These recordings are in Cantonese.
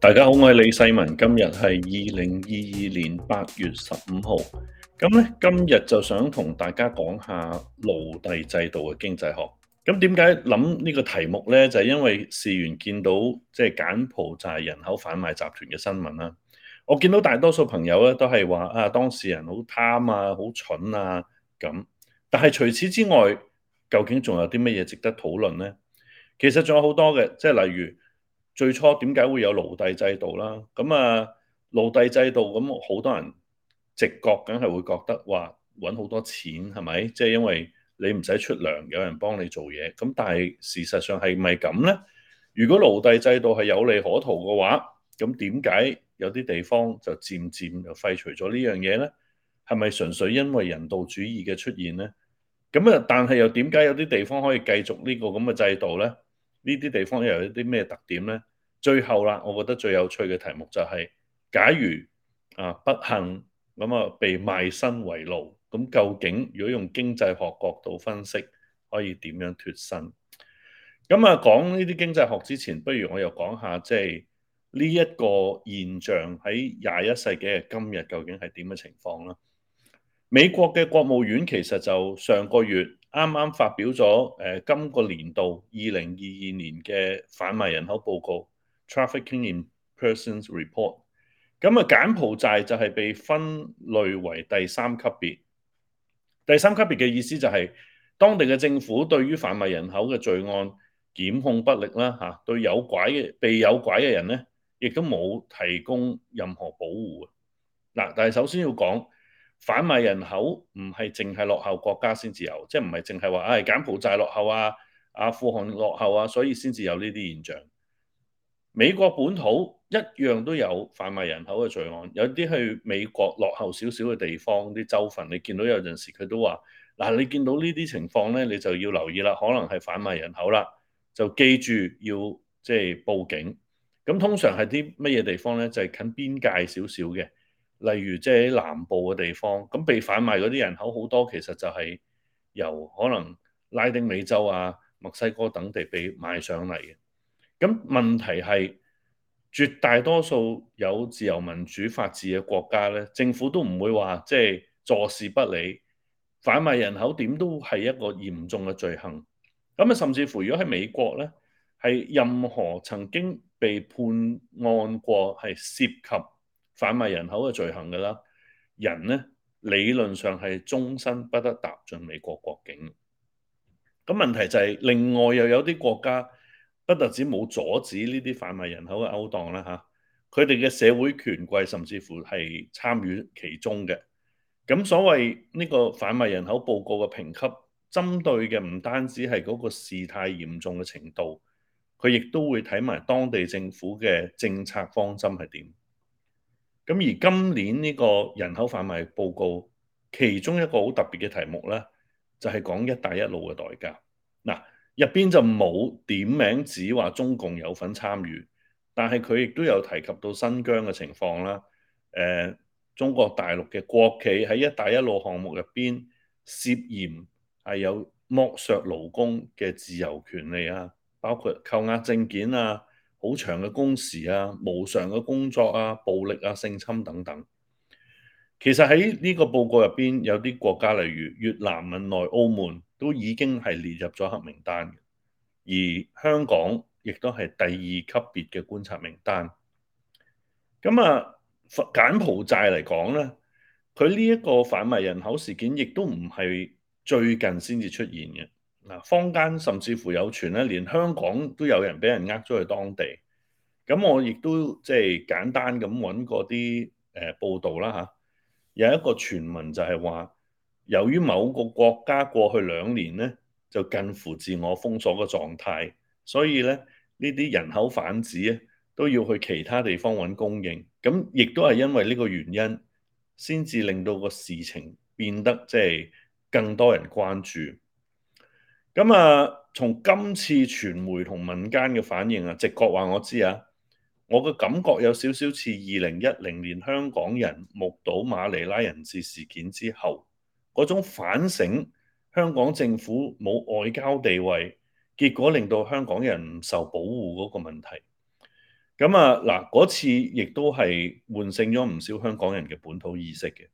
大家好，我係李世民。今日係二零二二年八月十五號。咁咧，今日就想同大家講下奴隸制度嘅經濟學。咁點解諗呢個題目呢？就係因為事源見到即係柬埔寨人口販賣集團嘅新聞啦。我見到大多數朋友咧都係話啊，當事人好貪啊，好蠢啊咁。但係除此之外，究竟仲有啲乜嘢值得討論呢？其實仲有好多嘅，即係例如。最初點解會有奴隸制度啦？咁啊奴隸制度咁好多人直覺梗係會覺得，嘩，揾好多錢係咪？即係、就是、因為你唔使出糧，有人幫你做嘢。咁但係事實上係咪咁呢？如果奴隸制度係有利可圖嘅話，咁點解有啲地方就漸漸就廢除咗呢樣嘢呢？係咪純粹因為人道主義嘅出現呢？咁啊，但係又點解有啲地方可以繼續呢個咁嘅制度呢？呢啲地方又有啲咩特點呢？最後啦，我覺得最有趣嘅題目就係，假如啊不幸咁啊被賣身為奴，咁究竟如果用經濟學角度分析，可以點樣脫身？咁啊講呢啲經濟學之前，不如我又講下即係呢一個現象喺廿一世紀嘅今日究竟係點嘅情況啦。美國嘅國務院其實就上個月啱啱發表咗誒今個年度二零二二年嘅販賣人口報告。Trafficking in Persons Report，咁啊，柬埔寨就係被分類為第三級別。第三級別嘅意思就係、是、當地嘅政府對於販賣人口嘅罪案檢控不力啦，嚇、啊、對有拐嘅被有拐嘅人咧，亦都冇提供任何保護啊！嗱，但係首先要講販賣人口唔係淨係落後國家先至有，即係唔係淨係話啊柬埔寨落後啊阿富汗落後啊，所以先至有呢啲現象。美國本土一樣都有販賣人口嘅罪案，有啲去美國落後少少嘅地方啲州份，你見到有陣時佢都話，嗱你見到呢啲情況咧，你就要留意啦，可能係販賣人口啦，就記住要即係報警。咁通常係啲乜嘢地方咧，就係近邊界少少嘅，例如即係南部嘅地方，咁被販賣嗰啲人口好多，其實就係由可能拉丁美洲啊、墨西哥等地被賣上嚟嘅。咁問題係絕大多數有自由民主法治嘅國家咧，政府都唔會話即係坐視不理，販賣人口點都係一個嚴重嘅罪行。咁啊，甚至乎如果喺美國咧，係任何曾經被判案過係涉及販賣人口嘅罪行嘅啦，人咧理論上係終身不得踏進美國國境。咁問題就係、是、另外又有啲國家。不特止冇阻止呢啲販賣人口嘅勾當啦，嚇佢哋嘅社會權貴甚至乎係參與其中嘅。咁所謂呢個販賣人口報告嘅評級，針對嘅唔單止係嗰個事態嚴重嘅程度，佢亦都會睇埋當地政府嘅政策方針係點。咁而今年呢個人口販賣報告，其中一個好特別嘅題目咧，就係講一帶一路嘅代價。入邊就冇點名指話中共有份參與，但係佢亦都有提及到新疆嘅情況啦。誒、呃，中國大陸嘅國企喺一帶一路項目入邊涉嫌係有剝削勞工嘅自由權利啊，包括扣押證件啊、好長嘅工時啊、無償嘅工作啊、暴力啊、性侵等等。其實喺呢個報告入邊有啲國家，例如越南、文萊、澳門。都已經係列入咗黑名單，而香港亦都係第二級別嘅觀察名單。咁啊，柬埔寨嚟講呢，佢呢一個販賣人口事件亦都唔係最近先至出現嘅。啊，坊間甚至乎有傳咧，連香港都有人俾人呃咗去當地。咁我亦都即係簡單咁揾過啲誒、呃、報道啦嚇，有一個傳聞就係話。由於某個國家過去兩年咧就近乎自我封鎖嘅狀態，所以咧呢啲人口販子啊都要去其他地方揾供應。咁亦都係因為呢個原因，先至令到個事情變得即係更多人關注。咁啊，從今次傳媒同民間嘅反應啊，直覺話我知啊，我嘅感覺有少少似二零一零年香港人目睹馬尼拉人質事件之後。嗰種反省，香港政府冇外交地位，結果令到香港人唔受保護嗰個問題。咁啊嗱，嗰次亦都係喚醒咗唔少香港人嘅本土意識嘅。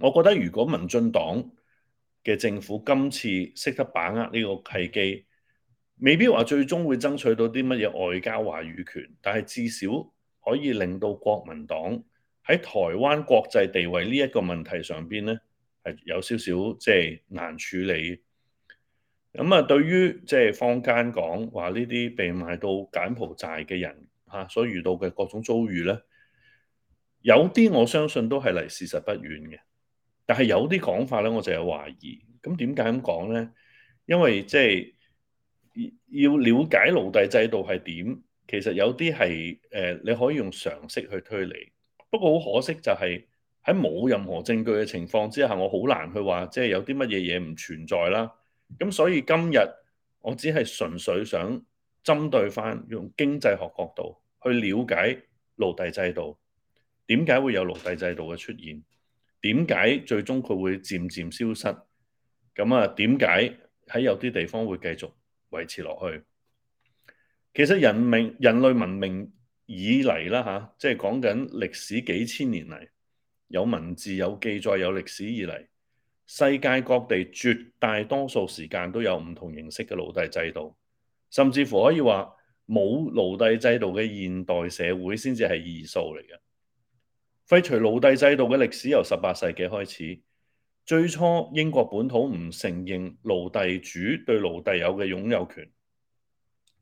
我覺得如果民進黨嘅政府今次識得把握呢個契機，未必話最終會爭取到啲乜嘢外交話語權，但係至少可以令到國民黨喺台灣國際地位呢一個問題上邊咧。係有少少即係、就是、難處理，咁啊，對於即係、就是、坊間講話呢啲被賣到柬埔寨嘅人吓、啊，所遇到嘅各種遭遇咧，有啲我相信都係離事實不遠嘅，但係有啲講法咧，我就有懷疑。咁點解咁講咧？因為即係、就是、要了解奴隸制度係點，其實有啲係誒你可以用常識去推理，不過好可惜就係、是。喺冇任何證據嘅情況之下，我好難去話，即係有啲乜嘢嘢唔存在啦。咁所以今日我只係純粹想針對返用經濟學角度去了解奴隸制度，點解會有奴隸制度嘅出現，點解最終佢會漸漸消失？咁啊，點解喺有啲地方會繼續維持落去？其實人明人類文明以嚟啦嚇，即係講緊歷史幾千年嚟。有文字、有記載、有歷史以嚟，世界各地絕大多數時間都有唔同形式嘅奴隸制度，甚至乎可以話冇奴隸制度嘅現代社會先至係異數嚟嘅。廢除奴隸制度嘅歷史由十八世紀開始，最初英國本土唔承認奴隸主對奴隸有嘅擁有權，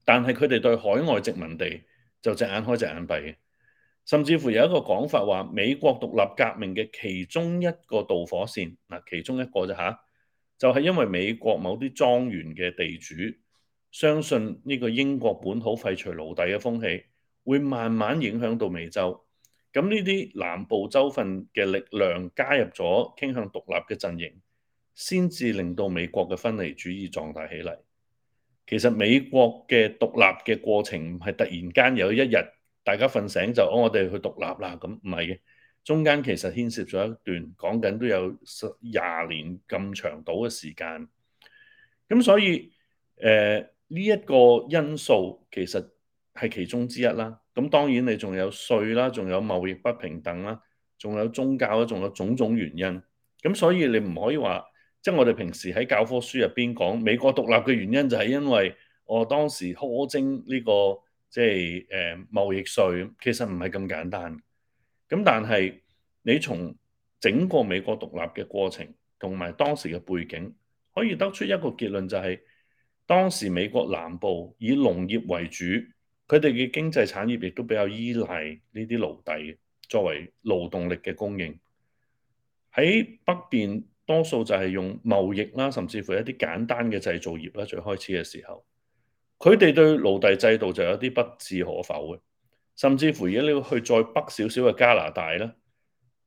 但係佢哋對海外殖民地就隻眼開隻眼閉。甚至乎有一個講法話，美國獨立革命嘅其中一個導火線，嗱其中一個啫嚇，就係因為美國某啲莊園嘅地主相信呢個英國本土廢除奴隸嘅風氣會慢慢影響到美洲，咁呢啲南部州份嘅力量加入咗傾向獨立嘅陣營，先至令到美國嘅分離主義壯大起嚟。其實美國嘅獨立嘅過程唔係突然間有一日。大家瞓醒就哦，我哋去獨立啦，咁唔係嘅，中間其實牽涉咗一段講緊都有十廿年咁長度嘅時間，咁所以誒呢一個因素其實係其中之一啦。咁當然你仲有稅啦，仲有貿易不平等啦，仲有宗教啦，仲有種種原因。咁所以你唔可以話，即係我哋平時喺教科書入邊講美國獨立嘅原因就係因為我當時苛徵呢個。即係誒、呃、貿易稅，其實唔係咁簡單。咁但係你從整個美國獨立嘅過程同埋當時嘅背景，可以得出一個結論，就係，就係當時美國南部以農業為主，佢哋嘅經濟產業亦都比較依賴呢啲奴隸作為勞動力嘅供應。喺北邊多數就係用貿易啦，甚至乎一啲簡單嘅製造業啦，最開始嘅時候。佢哋對奴隸制度就有啲不置可否嘅，甚至乎如果你去再北少少嘅加拿大咧，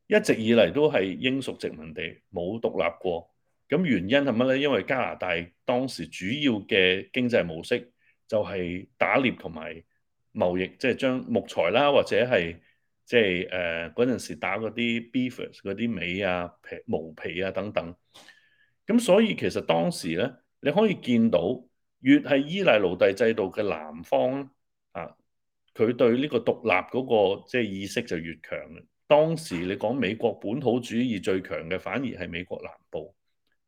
一直以嚟都係英屬殖民地，冇獨立過。咁原因係乜咧？因為加拿大當時主要嘅經濟模式就係打獵同埋貿易，即係將木材啦，或者係即係誒嗰陣時打嗰啲 beavers 嗰啲尾啊皮毛皮啊等等。咁所以其實當時咧，你可以見到。越係依賴奴隸制度嘅南方啊，佢對呢個獨立嗰、那個即係、就是、意識就越強。當時你講美國本土主義最強嘅，反而係美國南部。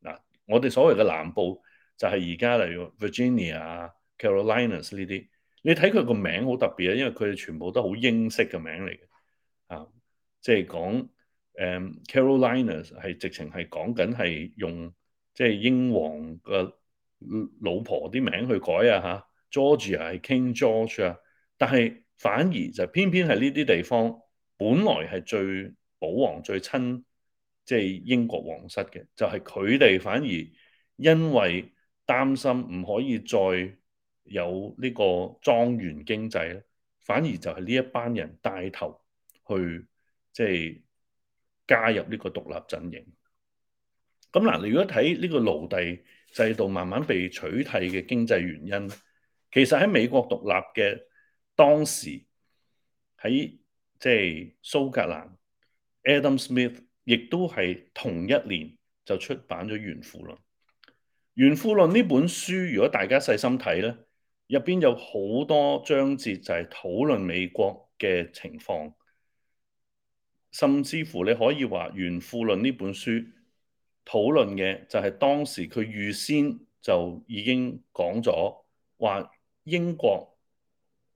嗱、啊，我哋所謂嘅南部就係而家例如 Virginia 啊、Carolinas 呢啲，你睇佢個名好特別啊，因為佢哋全部都好英式嘅名嚟嘅。啊，即、就、係、是、講誒、um, Carolinas 係直情係講緊係用即係、就是、英皇嘅。老婆啲名去改啊吓，George 係 King George 啊，但係反而就偏偏係呢啲地方，本來係最保皇最親，即係英國皇室嘅，就係佢哋反而因為擔心唔可以再有呢個莊園經濟咧，反而就係呢一班人帶頭去即係加入呢個獨立陣營。咁嗱，你如果睇呢個奴隸。制度慢慢被取替嘅經濟原因，其實喺美國獨立嘅當時，喺，即係蘇格蘭，Adam Smith 亦都係同一年就出版咗《原富論》。《原富論》呢本書，如果大家細心睇咧，入邊有好多章節就係討論美國嘅情況，甚至乎你可以話《原富論》呢本書。討論嘅就係當時佢預先就已經講咗，話英國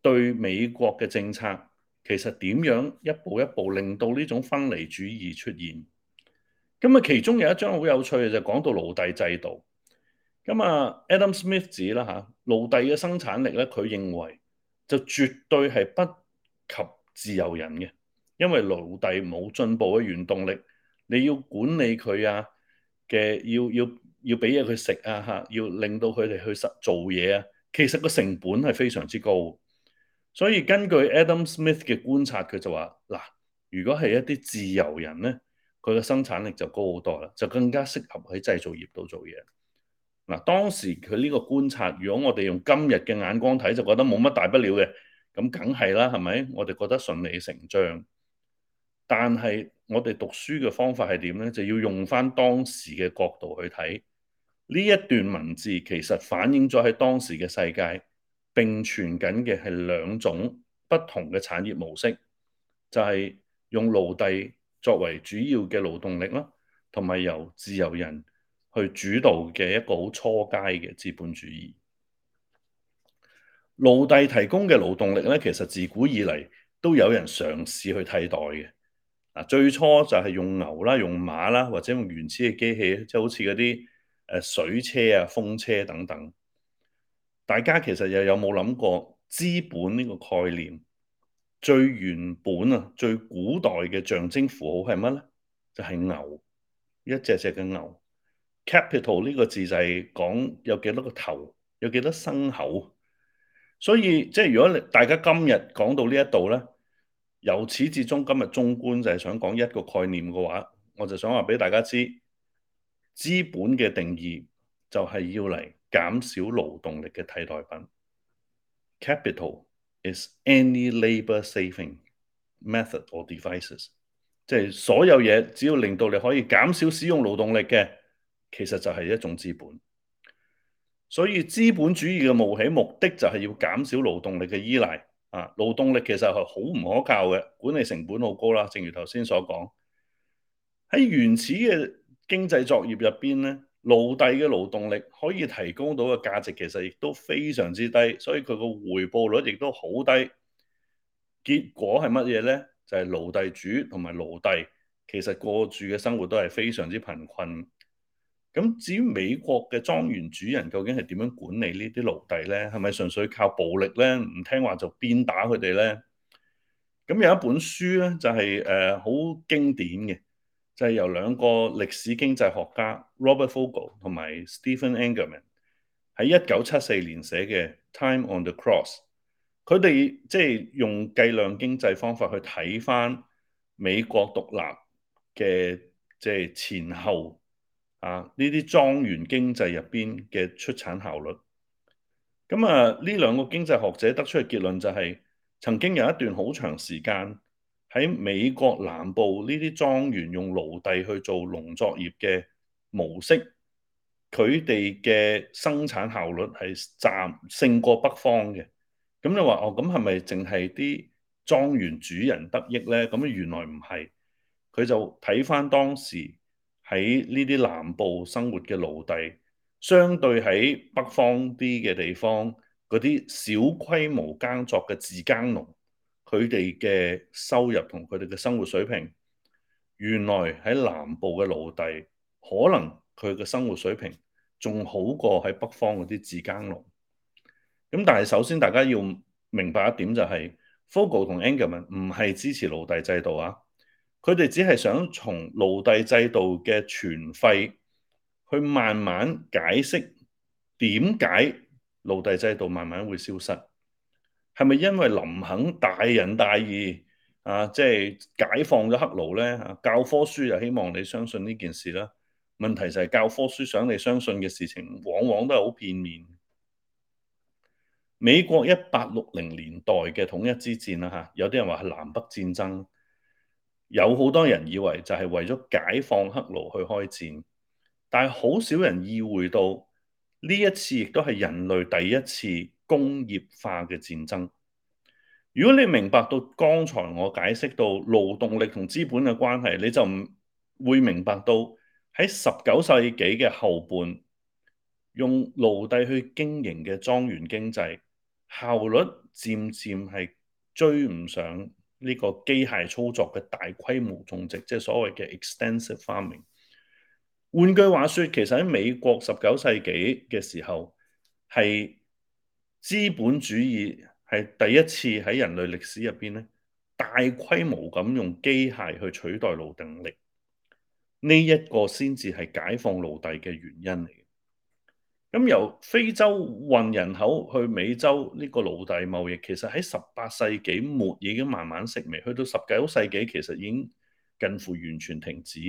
對美國嘅政策其實點樣一步一步令到呢種分離主義出現。咁啊，其中有一章好有趣嘅就講到奴隸制度。咁啊，Adam Smith 指啦、啊、嚇，奴隸嘅生產力咧，佢認為就絕對係不及自由人嘅，因為奴隸冇進步嘅原動力，你要管理佢啊。嘅要要要俾嘢佢食啊嚇，要令到佢哋去實做嘢啊，其實個成本係非常之高，所以根據 Adam Smith 嘅觀察，佢就話嗱，如果係一啲自由人咧，佢嘅生產力就高好多啦，就更加適合喺製造業度做嘢。嗱，當時佢呢個觀察，如果我哋用今日嘅眼光睇，就覺得冇乜大不了嘅，咁梗係啦，係咪？我哋覺得順理成章。但係，我哋讀書嘅方法係點呢？就要用翻當時嘅角度去睇。呢一段文字其實反映咗喺當時嘅世界並存緊嘅係兩種不同嘅產業模式，就係用奴隸作為主要嘅勞動力啦，同埋由自由人去主導嘅一個好初階嘅資本主義。奴隸提供嘅勞動力咧，其實自古以嚟都有人嘗試去替代嘅。最初就係用牛啦、用馬啦，或者用原始嘅機器，即係好似嗰啲誒水車啊、風車等等。大家其實又有冇諗過資本呢個概念最原本啊、最古代嘅象徵符號係乜咧？就係牛，一隻隻嘅牛。Capital 呢個字就係講有幾多個頭，有幾多牲口。所以即係如果你大家今日講到呢一度咧。由始至終，今日中觀就係想講一個概念嘅話，我就想話俾大家知，資本嘅定義就係要嚟減少勞動力嘅替代品。Capital is any labour-saving method or devices，即係所有嘢只要令到你可以減少使用勞動力嘅，其實就係一種資本。所以資本主義嘅冒起目的就係要減少勞動力嘅依賴。啊，勞動力其實係好唔可靠嘅，管理成本好高啦。正如頭先所講，喺原始嘅經濟作業入邊咧，奴隸嘅勞動力可以提供到嘅價值其實亦都非常之低，所以佢個回報率亦都好低。結果係乜嘢咧？就係奴隸主同埋奴隸其實過住嘅生活都係非常之貧困。咁至於美國嘅莊園主人究竟係點樣管理呢啲奴隸咧？係咪純粹靠暴力咧？唔聽話就鞭打佢哋咧？咁有一本書咧就係誒好經典嘅，就係、是、由兩個歷史經濟學家 Robert Fogel 同埋 Stephen Engerman 喺一九七四年寫嘅《Time on the Cross》。佢哋即係用計量經濟方法去睇返美國獨立嘅即係前後。啊！呢啲莊園經濟入邊嘅出產效率，咁啊呢兩個經濟學者得出嘅結論就係，曾經有一段好長時間喺美國南部呢啲莊園用奴隸去做農作業嘅模式，佢哋嘅生產效率係站勝過北方嘅。咁就話哦，咁係咪淨係啲莊園主人得益呢？咁原來唔係，佢就睇返當時。喺呢啲南部生活嘅奴隸，相對喺北方啲嘅地方，嗰啲小規模耕作嘅自耕農，佢哋嘅收入同佢哋嘅生活水平，原來喺南部嘅奴隸，可能佢嘅生活水平仲好過喺北方嗰啲自耕農。咁但係首先大家要明白一點就係，Fogel 同 Engerman 唔係支持奴隸制度啊。佢哋只係想從奴隸制度嘅全廢，去慢慢解釋點解奴隸制度慢慢會消失，係咪因為林肯大仁大義啊？即係解放咗黑奴咧？教科書就希望你相信呢件事啦。問題就係教科書想你相信嘅事情，往往都係好片面。美國一八六零年代嘅統一之戰啦，嚇、啊，有啲人話係南北戰爭。有好多人以為就係為咗解放黑奴去開戰，但係好少人意會到呢一次亦都係人類第一次工業化嘅戰爭。如果你明白到剛才我解釋到勞動力同資本嘅關係，你就會明白到喺十九世紀嘅後半，用奴隸去經營嘅莊園經濟效率漸漸係追唔上。呢個機械操作嘅大規模種植，即係所謂嘅 extensive farming。換句話說，其實喺美國十九世紀嘅時候，係資本主義係第一次喺人類歷史入邊咧，大規模咁用機械去取代勞動力，呢、這、一個先至係解放奴隸嘅原因嚟。咁、嗯、由非洲運人口去美洲呢個奴隸貿易，其實喺十八世紀末已經慢慢式微，去到十九世紀其實已經近乎完全停止。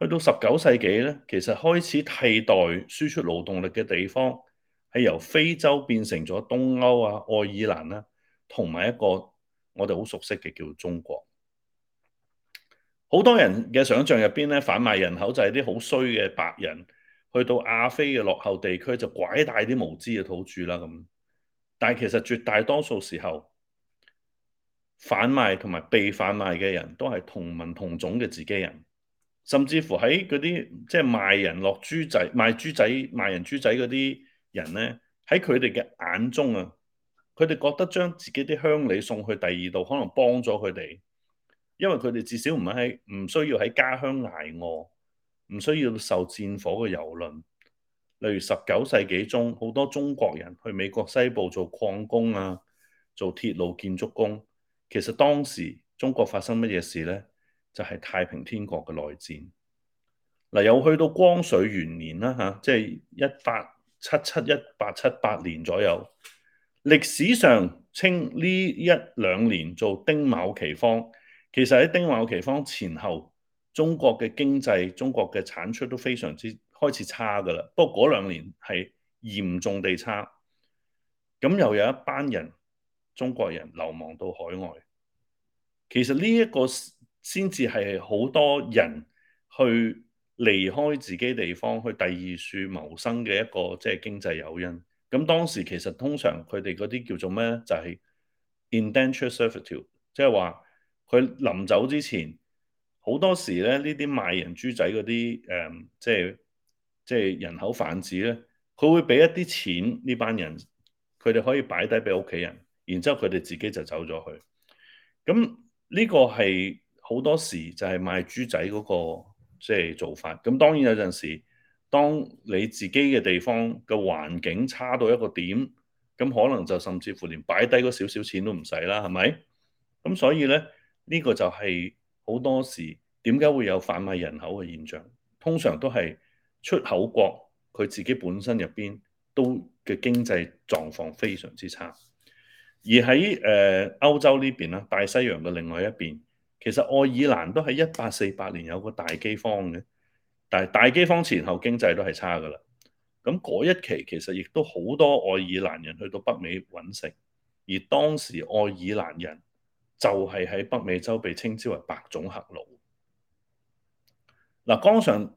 去到十九世紀咧，其實開始替代輸出勞動力嘅地方係由非洲變成咗東歐啊、愛爾蘭啦，同埋一個我哋好熟悉嘅叫中國。好多人嘅想象入邊咧，販賣人口就係啲好衰嘅白人。去到亞非嘅落後地區就拐帶啲無知嘅土著啦咁，但係其實絕大多數時候，販賣同埋被販賣嘅人都係同文同種嘅自己人，甚至乎喺嗰啲即係賣人落豬仔、賣豬仔、賣人豬仔嗰啲人呢，喺佢哋嘅眼中啊，佢哋覺得將自己啲鄉里送去第二度可能幫咗佢哋，因為佢哋至少唔係唔需要喺家鄉挨餓。唔需要受戰火嘅蹂躪，例如十九世紀中，好多中國人去美國西部做礦工啊，做鐵路建築工。其實當時中國發生乜嘢事咧？就係、是、太平天國嘅內戰。嗱、啊，又去到光緒元年啦，吓、啊，即係一八七七、一八七八年左右。歷史上稱呢一兩年做丁卯奇荒。其實喺丁卯奇荒前後。中國嘅經濟、中國嘅產出都非常之開始差㗎喇。不過嗰兩年係嚴重地差。咁又有一班人，中國人流亡到海外。其實呢一個先至係好多人去離開自己地方去第二處謀生嘅一個即係經濟誘因。咁當時其實通常佢哋嗰啲叫做咩，就係 indentured servitude，即係話佢臨走之前。好多時咧，呢啲賣人豬仔嗰啲誒，即係即係人口販子咧，佢會俾一啲錢呢班人，佢哋可以擺低俾屋企人，然之後佢哋自己就走咗去。咁、嗯、呢、呢個係好多時就係賣豬仔嗰、嗰個即係做法。咁、嗯、當然有陣時，當你自己嘅地方嘅環境差到一個點，咁、嗯、可能就甚至乎連擺低嗰少少錢都唔使啦，係咪？咁、嗯、所以咧，呢、呢個就係、是。好多時點解會有販賣人口嘅現象？通常都係出口國佢自己本身入邊都嘅經濟狀況非常之差。而喺誒、呃、歐洲呢邊啦，大西洋嘅另外一邊，其實愛爾蘭都喺一八四八年有個大饑荒嘅，但係大饑荒前後經濟都係差㗎啦。咁嗰一期其實亦都好多愛爾蘭人去到北美揾食，而當時愛爾蘭人。就係喺北美洲被稱之為白種黑奴。嗱、啊，剛才啱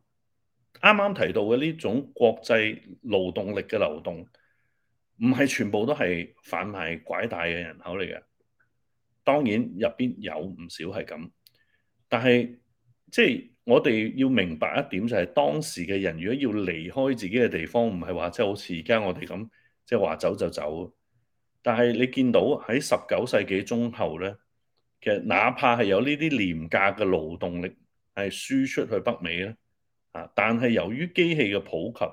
啱提到嘅呢種國際勞動力嘅流動，唔係全部都係販賣拐帶嘅人口嚟嘅。當然入邊有唔少係咁，但係即係我哋要明白一點就係當時嘅人如果要離開自己嘅地方，唔係話即係好似而家我哋咁，即係話走就走。但係你見到喺十九世紀中後咧。哪怕係有呢啲廉價嘅勞動力係輸出去北美咧，但係由於機器嘅普及，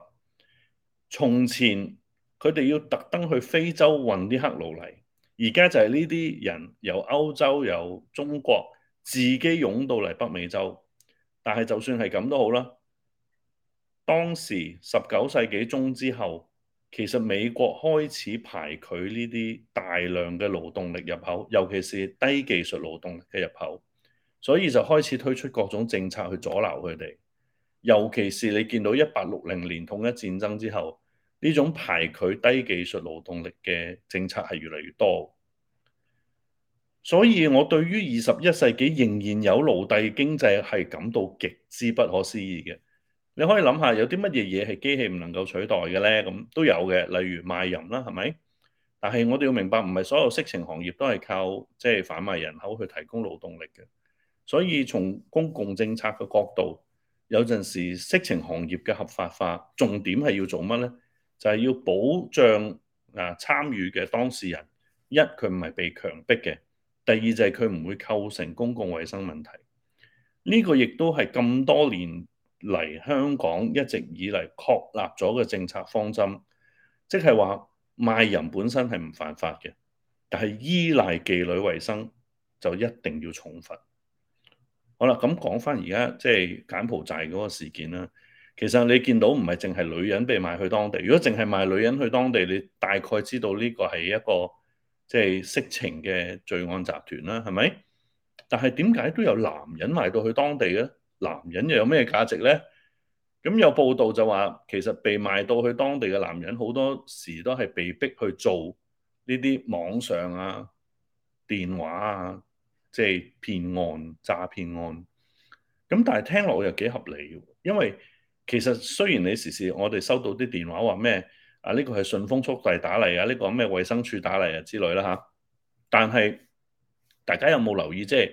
從前佢哋要特登去非洲運啲黑奴嚟，而家就係呢啲人由歐洲由中國自己湧到嚟北美洲。但係就算係咁都好啦，當時十九世紀中之後，其實美國開始排拒呢啲大量嘅勞動力入口，尤其是低技術勞動力嘅入口，所以就開始推出各種政策去阻撓佢哋。尤其是你見到一八六零年統一戰爭之後，呢種排拒低技術勞動力嘅政策係越嚟越多。所以我對於二十一世紀仍然有奴隸經濟係感到極之不可思議嘅。你可以諗下，有啲乜嘢嘢係機器唔能夠取代嘅咧？咁都有嘅，例如賣淫啦，係咪？但係我哋要明白，唔係所有色情行業都係靠即係販賣人口去提供勞動力嘅。所以從公共政策嘅角度，有陣時色情行業嘅合法化，重點係要做乜咧？就係要保障啊參與嘅當事人，一佢唔係被強迫嘅，第二就係佢唔會構成公共衛生問題。呢個亦都係咁多年嚟香港一直以嚟確立咗嘅政策方針，即係話賣淫本身係唔犯法嘅，但係依賴妓女為生就一定要重罰。好啦，咁講返而家即係柬埔寨嗰個事件啦。其實你見到唔係淨係女人被賣去當地，如果淨係賣女人去當地，你大概知道呢個係一個即係、就是、色情嘅罪案集團啦，係咪？但係點解都有男人賣到去當地呢？男人又有咩價值呢？咁有報道就話，其實被賣到去當地嘅男人，好多時都係被逼去做呢啲網上啊、電話啊，即係騙案、詐騙案。咁但係聽落又幾合理，因為其實雖然你時時我哋收到啲電話話咩啊，呢個係順豐速遞打嚟啊，呢個咩衞生處打嚟啊之類啦嚇，但係大家有冇留意即係？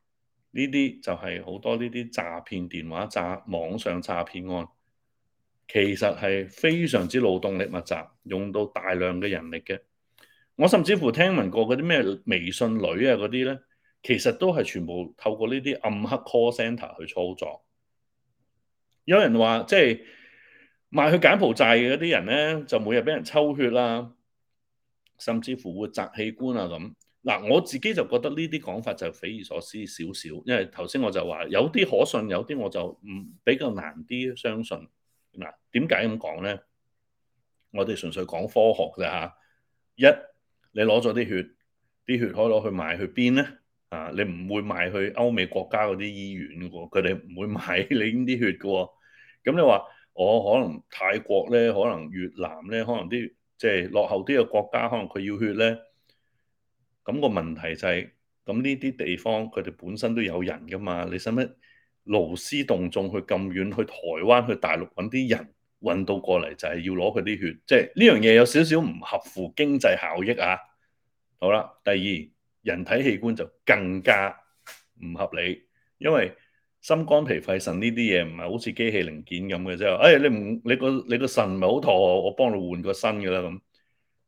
呢啲就係好多呢啲詐騙電話詐、詐網上詐騙案，其實係非常之勞動力密集，用到大量嘅人力嘅。我甚至乎聽聞過嗰啲咩微信女啊嗰啲咧，其實都係全部透過呢啲暗黑 call center 去操作。有人話即係賣去柬埔寨嘅嗰啲人咧，就每日俾人抽血啦、啊，甚至乎會摘器官啊咁。嗱，我自己就覺得呢啲講法就匪夷所思少少，因為頭先我就話有啲可信，有啲我就唔比較難啲相信。嗱，點解咁講咧？我哋純粹講科學啫嚇、啊。一，你攞咗啲血，啲血可以攞去賣去邊咧？啊，你唔會賣去歐美國家嗰啲醫院嘅喎，佢哋唔會買你呢啲血嘅喎。咁你話我、哦、可能泰國咧，可能越南咧，可能啲即係落後啲嘅國家，可能佢要血咧。咁個問題就係，咁呢啲地方佢哋本身都有人噶嘛？你使乜勞師動眾去咁遠，去台灣去大陸揾啲人揾到過嚟，就係要攞佢啲血，即係呢樣嘢有少少唔合乎經濟效益啊！好啦，第二，人體器官就更加唔合理，因為心肝脾肺腎呢啲嘢唔係好似機器零件咁嘅啫。誒，你唔你個你個腎唔係好妥，我幫你換個新嘅啦咁。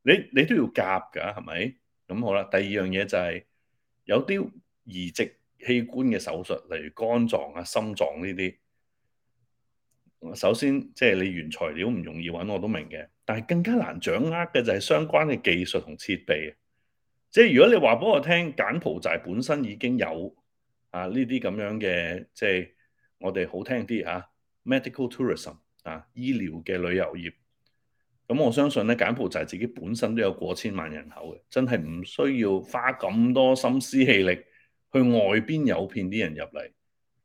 你你都要夾㗎，係咪？咁好啦，第二樣嘢就係有啲移植器官嘅手術，例如肝臟啊、心臟呢啲。首先，即係你原材料唔容易揾，我都明嘅。但係更加難掌握嘅就係相關嘅技術同設備。即係如果你話俾我聽，柬埔寨本身已經有啊呢啲咁樣嘅，即係我哋好聽啲啊 medical tourism 啊，醫療嘅旅遊業。咁我相信咧，柬埔寨自己本身都有過千萬人口嘅，真係唔需要花咁多心思氣力去外邊誘騙啲人入嚟。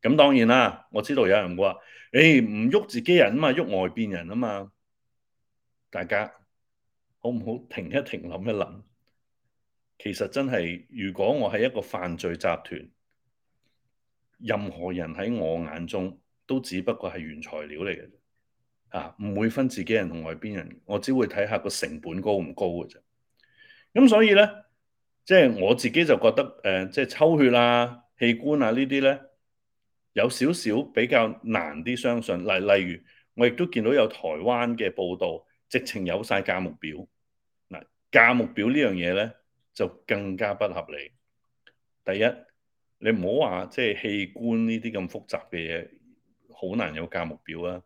咁當然啦，我知道有人話：誒唔喐自己人啊嘛，喐外邊人啊嘛。大家好唔好停一停，諗一諗？其實真係，如果我係一個犯罪集團，任何人喺我眼中都只不過係原材料嚟嘅。啊，唔會分自己人同外邊人，我只會睇下個成本高唔高嘅啫。咁所以咧，即係我自己就覺得，誒，即係抽血啦、器官啊呢啲咧，有少少比較難啲相信。例例如，我亦都見到有台灣嘅報道，直情有晒價目表。嗱，價目表呢樣嘢咧，就更加不合理。第一，你唔好話即係器官呢啲咁複雜嘅嘢，好難有價目表啊。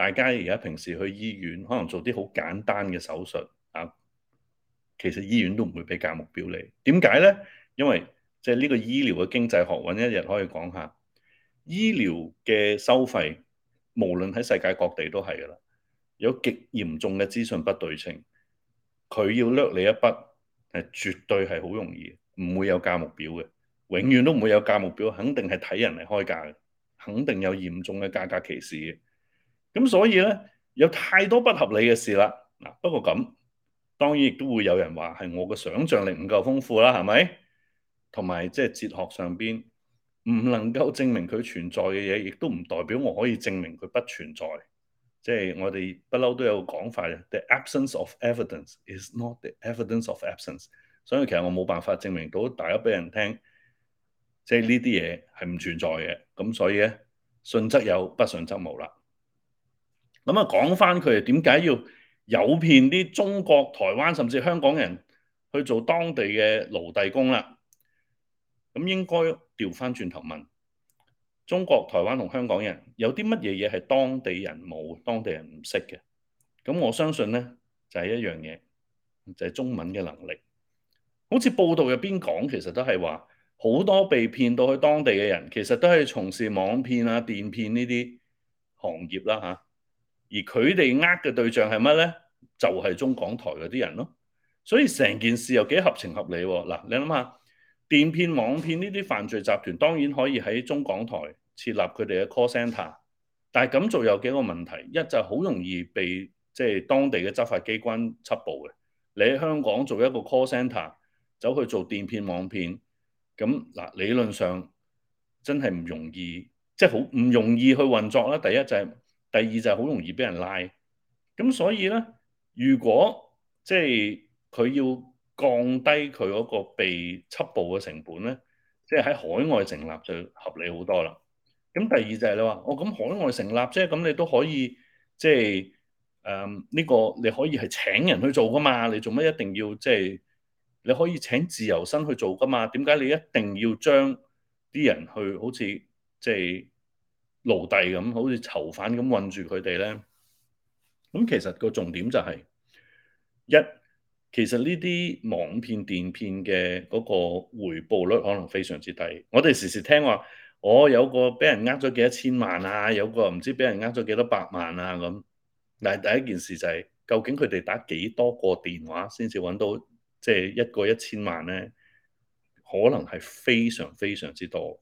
大家而家平時去醫院，可能做啲好簡單嘅手術啊，其實醫院都唔會俾價目表你。點解呢？因為即係呢個醫療嘅經濟學，揾一日可以講下醫療嘅收費，無論喺世界各地都係㗎啦。有極嚴重嘅資訊不對稱，佢要掠你一筆，係絕對係好容易，唔會有價目表嘅，永遠都唔會有價目表，肯定係睇人嚟開價嘅，肯定有嚴重嘅價格歧視嘅。咁所以咧，有太多不合理嘅事啦。嗱，啊，不過咁當然亦都會有人話係我嘅想象力唔夠豐富啦，係咪？同埋即係哲學上邊唔能夠證明佢存在嘅嘢，亦都唔代表我可以證明佢不存在。即係我哋不嬲都有個講法嘅，the absence of evidence is not the evidence of absence。所以其實我冇辦法證明到，大家俾人聽，即係呢啲嘢係唔存在嘅。咁所以咧，信則有，不信則無啦。咁啊，講翻佢哋點解要誘騙啲中國、台灣甚至香港人去做當地嘅奴隸工啦？咁應該調翻轉頭問中國、台灣同香港人，有啲乜嘢嘢係當地人冇、當地人唔識嘅？咁我相信呢就係一樣嘢，就係中文嘅能力。好似報道入邊講，其實都係話好多被騙到去當地嘅人，其實都係從事網騙啊、電騙呢啲行業啦嚇。而佢哋呃嘅對象係乜呢？就係、是、中港台嗰啲人咯。所以成件事又幾合情合理喎、啊？嗱，你諗下，電騙、網騙呢啲犯罪集團當然可以喺中港台設立佢哋嘅 call center，但係咁做有幾個問題。一就好、是、容易被即係、就是、當地嘅執法機關緝捕嘅。你喺香港做一個 call center，走去做電騙、網騙，咁嗱理論上真係唔容易，即係好唔容易去運作啦。第一就係、是。第二就係好容易俾人拉，咁所以咧，如果即係佢要降低佢嗰個被緝捕嘅成本咧，即係喺海外成立就合理好多啦。咁第二就係你話，哦咁海外成立啫，咁、即係、你都可以即係誒呢個你可以係請人去做噶嘛，你做乜一定要即係、即係、你可以請自由身去做噶嘛？點解你一定要將啲人去好似即係？即係奴隸咁，好似囚犯咁困住佢哋咧。咁其實個重點就係、是、一，其實呢啲網騙電騙嘅嗰個回報率可能非常之低。我哋時時聽話，我、哦、有個俾人呃咗幾多千萬啊，有個唔知俾人呃咗幾多百萬啊咁。但係第一件事就係、是，究竟佢哋打幾多個電話先至揾到，即、就、係、是、一個一千萬咧，可能係非常非常之多。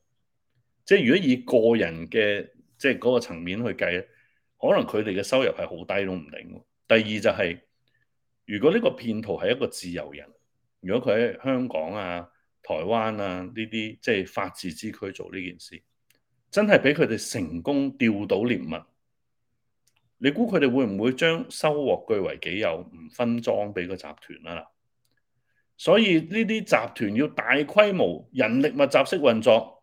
即係如果以個人嘅，即係嗰個層面去計咧，可能佢哋嘅收入係好低都唔定。第二就係、是，如果呢個騙徒係一個自由人，如果佢喺香港啊、台灣啊呢啲即係法治之區做呢件事，真係俾佢哋成功釣到獵物，你估佢哋會唔會將收穫據為己有，唔分贓俾個集團啊？所以呢啲集團要大規模人力密集式運作。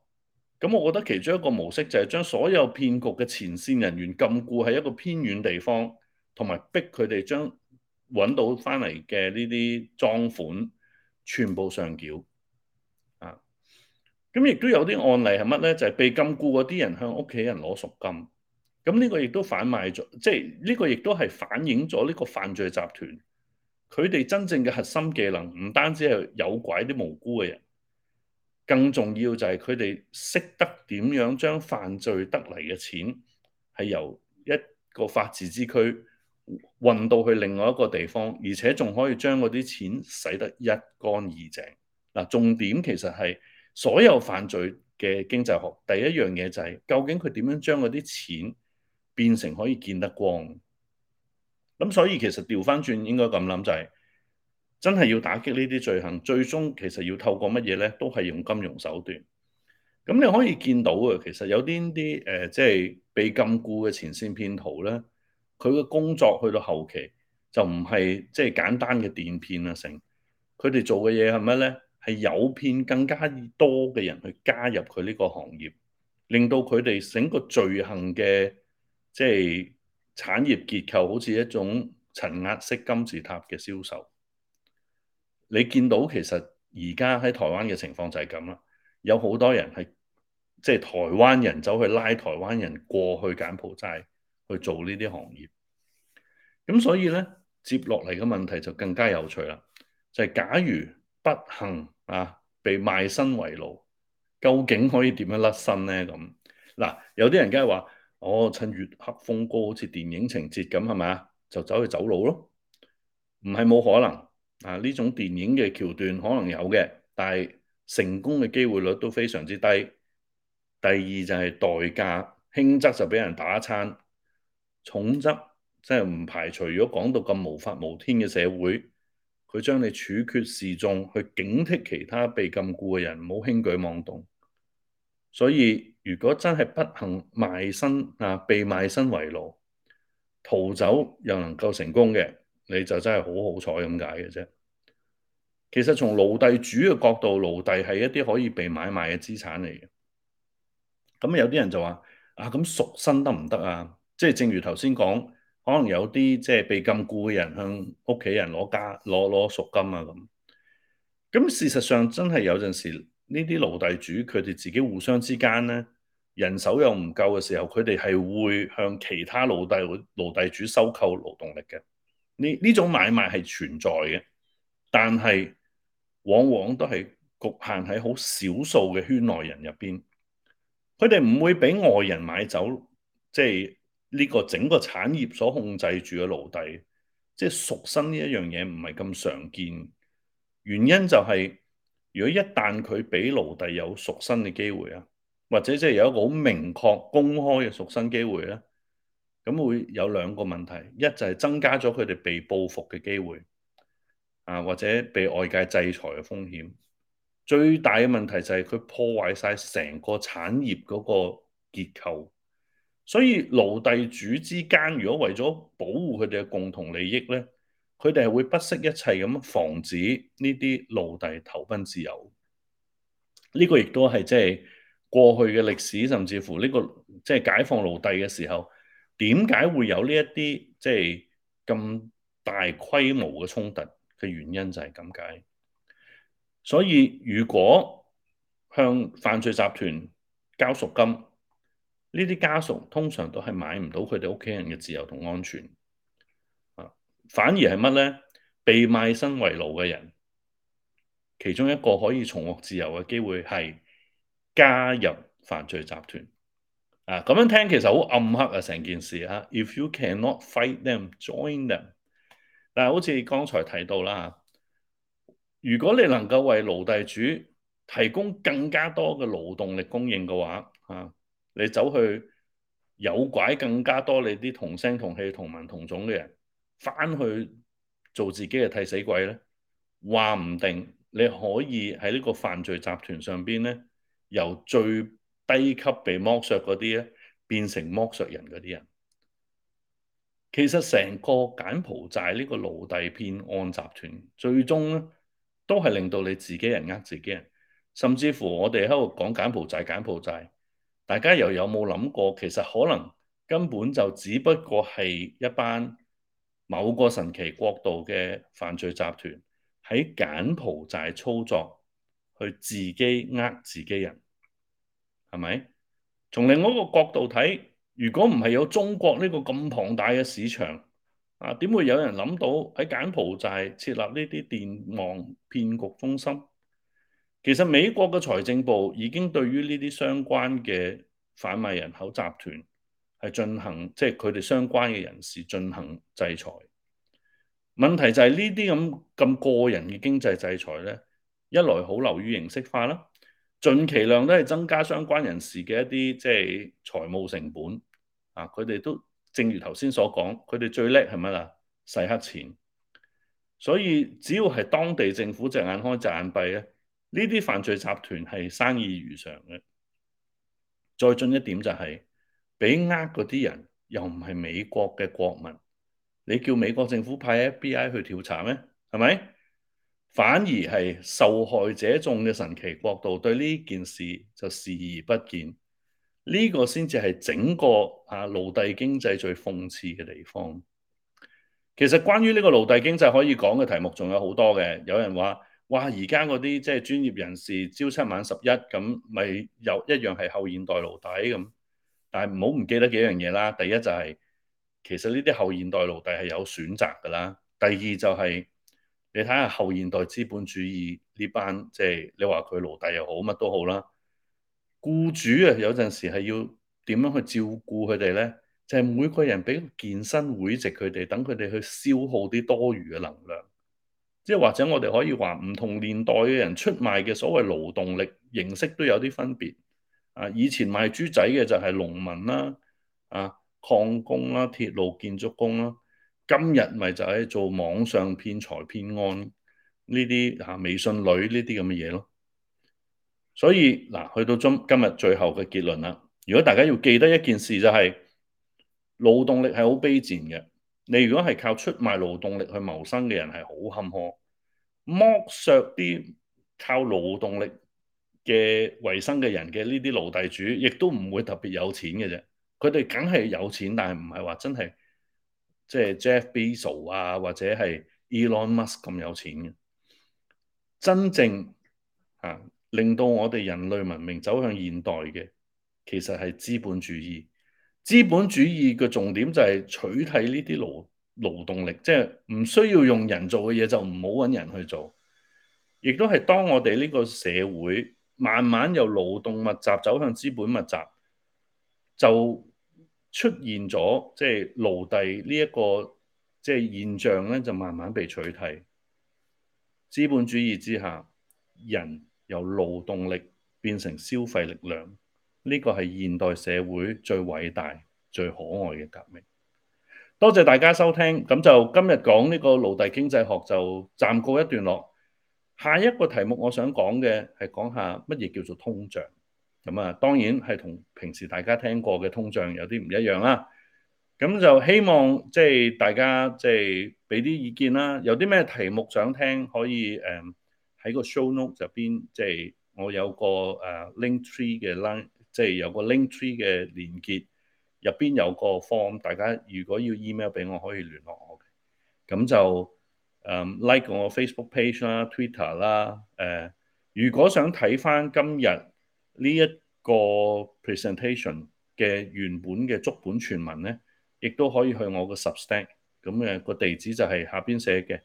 咁我覺得其中一個模式就係將所有騙局嘅前線人員禁錮喺一個偏遠地方，同埋逼佢哋將揾到返嚟嘅呢啲贓款全部上繳。啊，咁亦都有啲案例係乜咧？就係、是、被禁錮嗰啲人向屋企人攞贖金。咁呢個亦都反賣咗，即係呢個亦都係反映咗呢個犯罪集團佢哋真正嘅核心技能，唔單止係有拐啲無辜嘅人。更重要就係佢哋識得點樣將犯罪得嚟嘅錢係由一個法治之區運到去另外一個地方，而且仲可以將嗰啲錢洗得一乾二淨。嗱、啊，重點其實係所有犯罪嘅經濟學第一樣嘢就係、是、究竟佢點樣將嗰啲錢變成可以見得光。咁、啊、所以其實調翻轉應該咁諗就係、是。真係要打擊呢啲罪行，最終其實要透過乜嘢咧？都係用金融手段。咁你可以見到嘅，其實有啲啲誒，即、呃、係、就是、被禁錮嘅前線騙徒咧，佢嘅工作去到後期就唔係即係簡單嘅電騙啦、啊，成佢哋做嘅嘢係乜咧？係誘騙更加多嘅人去加入佢呢個行業，令到佢哋整個罪行嘅即係產業結構好似一種層壓式金字塔嘅銷售。你見到其實而家喺台灣嘅情況就係咁啦，有好多人係即係台灣人走去拉台灣人過去柬埔寨去做呢啲行業，咁所以咧，接落嚟嘅問題就更加有趣啦，就係、是、假如不幸啊被賣身為奴，究竟可以點樣甩身咧？咁嗱，有啲人梗係話，我、哦、趁月黑風高，好似電影情節咁係咪啊？就走去走佬咯，唔係冇可能。啊！呢種電影嘅橋段可能有嘅，但係成功嘅機會率都非常之低。第二就係代價，輕則就俾人打餐，重則即係唔排除如果講到咁無法無天嘅社會，佢將你處決示眾，去警惕其他被禁錮嘅人，唔好輕舉妄動。所以如果真係不幸賣身啊，被賣身為奴，逃走又能夠成功嘅，你就真係好好彩咁解嘅啫。其實從奴隸主嘅角度，奴隸係一啲可以被買賣嘅資產嚟嘅。咁、嗯、有啲人就話：啊，咁、嗯、贖身得唔得啊？即係正如頭先講，可能有啲即係被禁固嘅人向屋企人攞家攞攞贖金啊。咁咁、嗯、事實上真係有陣時呢啲奴隸主佢哋自己互相之間咧，人手又唔夠嘅時候，佢哋係會向其他奴隸奴隸主收購勞動力嘅。呢呢種買賣係存在嘅，但係往往都係局限喺好少數嘅圈內人入邊，佢哋唔會俾外人買走，即係呢個整個產業所控制住嘅奴隸，即係贖身呢一樣嘢唔係咁常見。原因就係如果一旦佢俾奴隸有贖身嘅機會啊，或者即係有一個好明確公開嘅贖身機會咧。咁會有兩個問題，一就係增加咗佢哋被報復嘅機會啊，或者被外界制裁嘅風險。最大嘅問題就係佢破壞晒成個產業嗰個結構。所以奴隸主之間，如果為咗保護佢哋嘅共同利益咧，佢哋係會不惜一切咁防止呢啲奴隸投奔自由。呢個亦都係即係過去嘅歷史，甚至乎呢個即係解放奴隸嘅時候。點解會有呢一啲即係咁大規模嘅衝突嘅原因就係咁解，所以如果向犯罪集團交贖金，呢啲家屬通常都係買唔到佢哋屋企人嘅自由同安全啊，反而係乜呢？被賣身為奴嘅人，其中一個可以重獲自由嘅機會係加入犯罪集團。啊，咁樣聽其實好暗黑啊！成件事啊，If you cannot fight them, join them。嗱，好似剛才提到啦，如果你能夠為奴隸主提供更加多嘅勞動力供應嘅話，嚇，你走去誘拐更加多你啲同聲同氣、同文同種嘅人，翻去做自己嘅替死鬼咧，話唔定你可以喺呢個犯罪集團上邊咧，由最低級被剝削嗰啲咧，變成剝削人嗰啲人。其實成個柬埔寨呢個奴隸騙案集團，最終咧都係令到你自己人呃自己人。甚至乎我哋喺度講柬埔寨，柬埔寨大家又有冇諗過？其實可能根本就只不過係一班某個神奇國度嘅犯罪集團，喺柬埔寨操作，去自己呃自己人。係咪？從另外一個角度睇，如果唔係有中國呢個咁龐大嘅市場，啊點會有人諗到喺柬埔寨設立呢啲電網騙局中心？其實美國嘅財政部已經對於呢啲相關嘅販賣人口集團係進行，即係佢哋相關嘅人士進行制裁。問題就係呢啲咁咁個人嘅經濟制裁咧，一來好流於形式化啦。盡其量都係增加相關人士嘅一啲即係財務成本啊！佢哋都正如頭先所講，佢哋最叻係乜啦？洗黑錢。所以只要係當地政府隻眼開隻眼閉咧，呢啲犯罪集團係生意如常嘅。再進一點就係，俾呃嗰啲人又唔係美國嘅國民，你叫美國政府派 FBI 去調查咩？係咪？反而係受害者眾嘅神奇國度對呢件事就視而不見，呢個先至係整個啊奴隸經濟最諷刺嘅地方。其實關於呢個奴隸經濟可以講嘅題目仲有好多嘅，有人話：哇！而家嗰啲即係專業人士朝七晚十一咁，咪又一樣係後現代奴隸咁。但係唔好唔記得幾樣嘢啦。第一就係，其實呢啲後現代奴隸係有選擇噶啦。第二就係。你睇下後現代資本主義呢班，即係你話佢奴隸又好，乜都好啦。僱主啊，有陣時係要點樣去照顧佢哋咧？就係每個人俾健身會籍佢哋，等佢哋去消耗啲多餘嘅能量。即係或者我哋可以話，唔同年代嘅人出賣嘅所謂勞動力形式都有啲分別。啊，以前賣豬仔嘅就係農民啦，啊，礦工啦，鐵路建築工啦。今日咪就係做網上騙財騙案呢啲嚇微信女呢啲咁嘅嘢咯，所以嗱去到今今日最後嘅結論啦。如果大家要記得一件事就係、是、勞動力係好卑賤嘅，你如果係靠出賣勞動力去謀生嘅人係好坎坷，剝削啲靠勞動力嘅維生嘅人嘅呢啲奴隸主，亦都唔會特別有錢嘅啫。佢哋梗係有錢，但係唔係話真係。即係 Jeff Bezos 啊，或者係 Elon Musk 咁有錢嘅，真正嚇、啊、令到我哋人類文明走向現代嘅，其實係資本主義。資本主義嘅重點就係取締呢啲勞勞動力，即係唔需要用人做嘅嘢就唔好揾人去做。亦都係當我哋呢個社會慢慢由勞動密集走向資本密集，就，出現咗即係奴隸呢、這、一個即係、就是、現象咧，就慢慢被取締。資本主義之下，人由勞動力變成消費力量，呢個係現代社會最偉大、最可愛嘅革命。多謝大家收聽，咁就今日講呢個奴隸經濟學就暫告一段落。下一個題目我想講嘅係講下乜嘢叫做通脹。咁啊，當然係同平時大家聽過嘅通脹有啲唔一樣啦。咁就希望即係大家即係俾啲意見啦，有啲咩題目想聽，可以誒喺個 show note 入邊，即係我有個誒 link tree 嘅 link，即係有個 link tree 嘅連結入邊有個 form，大家如果要 email 俾我，可以聯絡我嘅。咁就誒 like 我 Facebook page 啦、Twitter 啦，誒如果想睇翻今日呢一個 presentation 嘅原本嘅足本全文咧，亦都可以去我個 substack，咁嘅個地址就係下邊寫嘅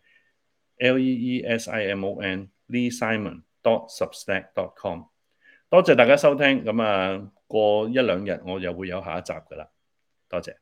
lee simon lee simon dot substack dot com。多謝大家收聽，咁啊過一兩日我又會有下一集噶啦，多謝。